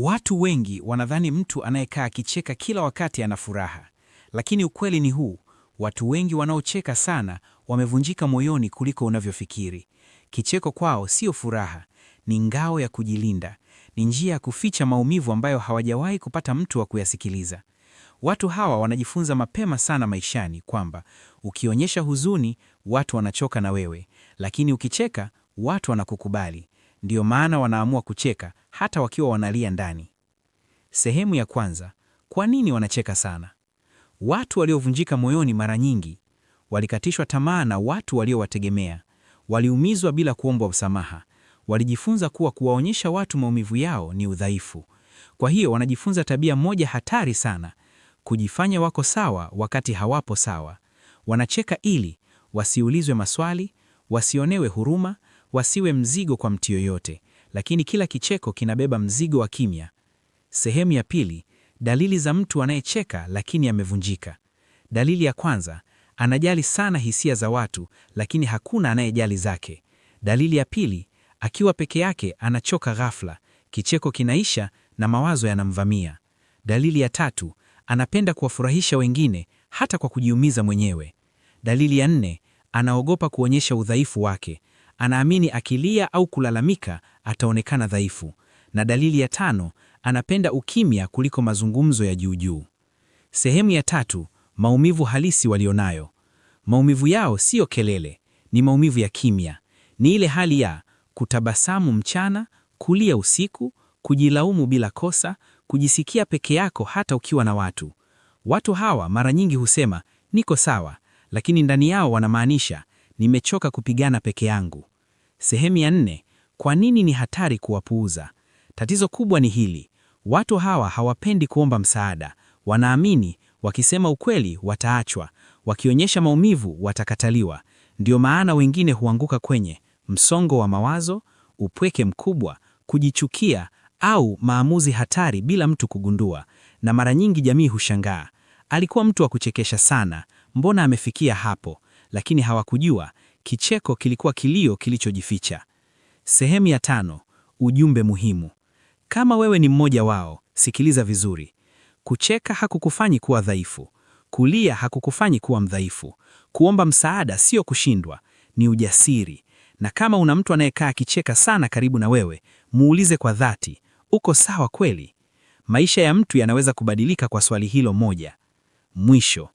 Watu wengi wanadhani mtu anayekaa akicheka kila wakati ana furaha, lakini ukweli ni huu: watu wengi wanaocheka sana wamevunjika moyoni kuliko unavyofikiri. Kicheko kwao sio furaha, ni ngao ya kujilinda, ni njia ya kuficha maumivu ambayo hawajawahi kupata mtu wa kuyasikiliza. Watu hawa wanajifunza mapema sana maishani kwamba ukionyesha huzuni, watu wanachoka na wewe, lakini ukicheka, watu wanakukubali. Ndiyo maana wanaamua kucheka hata wakiwa wanalia ndani. Sehemu ya kwanza: kwa nini wanacheka sana? Watu waliovunjika moyoni mara nyingi walikatishwa tamaa na watu waliowategemea, waliumizwa bila kuombwa msamaha, walijifunza kuwa kuwaonyesha watu maumivu yao ni udhaifu. Kwa hiyo wanajifunza tabia moja hatari sana, kujifanya wako sawa wakati hawapo sawa. Wanacheka ili wasiulizwe maswali, wasionewe huruma, wasiwe mzigo kwa mtu yoyote, lakini kila kicheko kinabeba mzigo wa kimya. Sehemu ya pili: dalili za mtu anayecheka lakini amevunjika. Dalili ya kwanza: anajali sana hisia za watu, lakini hakuna anayejali zake. Dalili ya pili: akiwa peke yake anachoka ghafla, kicheko kinaisha na mawazo yanamvamia. Dalili ya tatu: anapenda kuwafurahisha wengine hata kwa kujiumiza mwenyewe. Dalili ya nne: anaogopa kuonyesha udhaifu wake, Anaamini akilia au kulalamika ataonekana dhaifu. Na dalili ya tano, anapenda ukimya kuliko mazungumzo ya juu. Sehemu ya tatu, maumivu halisi walionayo. Maumivu yao siyo kelele, ni maumivu ya kimya. Ni ile hali ya kutabasamu mchana, kulia usiku, kujilaumu bila kosa, kujisikia peke yako hata ukiwa na watu. Watu hawa mara nyingi husema niko sawa, lakini ndani yao wanamaanisha nimechoka kupigana peke yangu. Sehemu ya nne, kwa nini ni hatari kuwapuuza? Tatizo kubwa ni hili, watu hawa hawapendi kuomba msaada. Wanaamini wakisema ukweli wataachwa, wakionyesha maumivu watakataliwa. Ndio maana wengine huanguka kwenye msongo wa mawazo, upweke mkubwa, kujichukia au maamuzi hatari bila mtu kugundua. Na mara nyingi jamii hushangaa, alikuwa mtu wa kuchekesha sana, mbona amefikia hapo? lakini hawakujua kicheko kilikuwa kilio kilichojificha. Sehemu ya tano: ujumbe muhimu. Kama wewe ni mmoja wao, sikiliza vizuri. Kucheka hakukufanyi kuwa dhaifu, kulia hakukufanyi kuwa mdhaifu. Kuomba msaada sio kushindwa, ni ujasiri. Na kama una mtu anayekaa akicheka sana karibu na wewe, muulize kwa dhati, uko sawa kweli? Maisha ya mtu yanaweza kubadilika kwa swali hilo moja. Mwisho,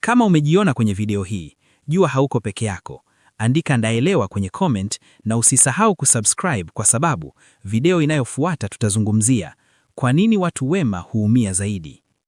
kama umejiona kwenye video hii jua hauko peke yako. Andika ndaelewa kwenye comment na usisahau kusubscribe kwa sababu video inayofuata tutazungumzia kwa nini watu wema huumia zaidi.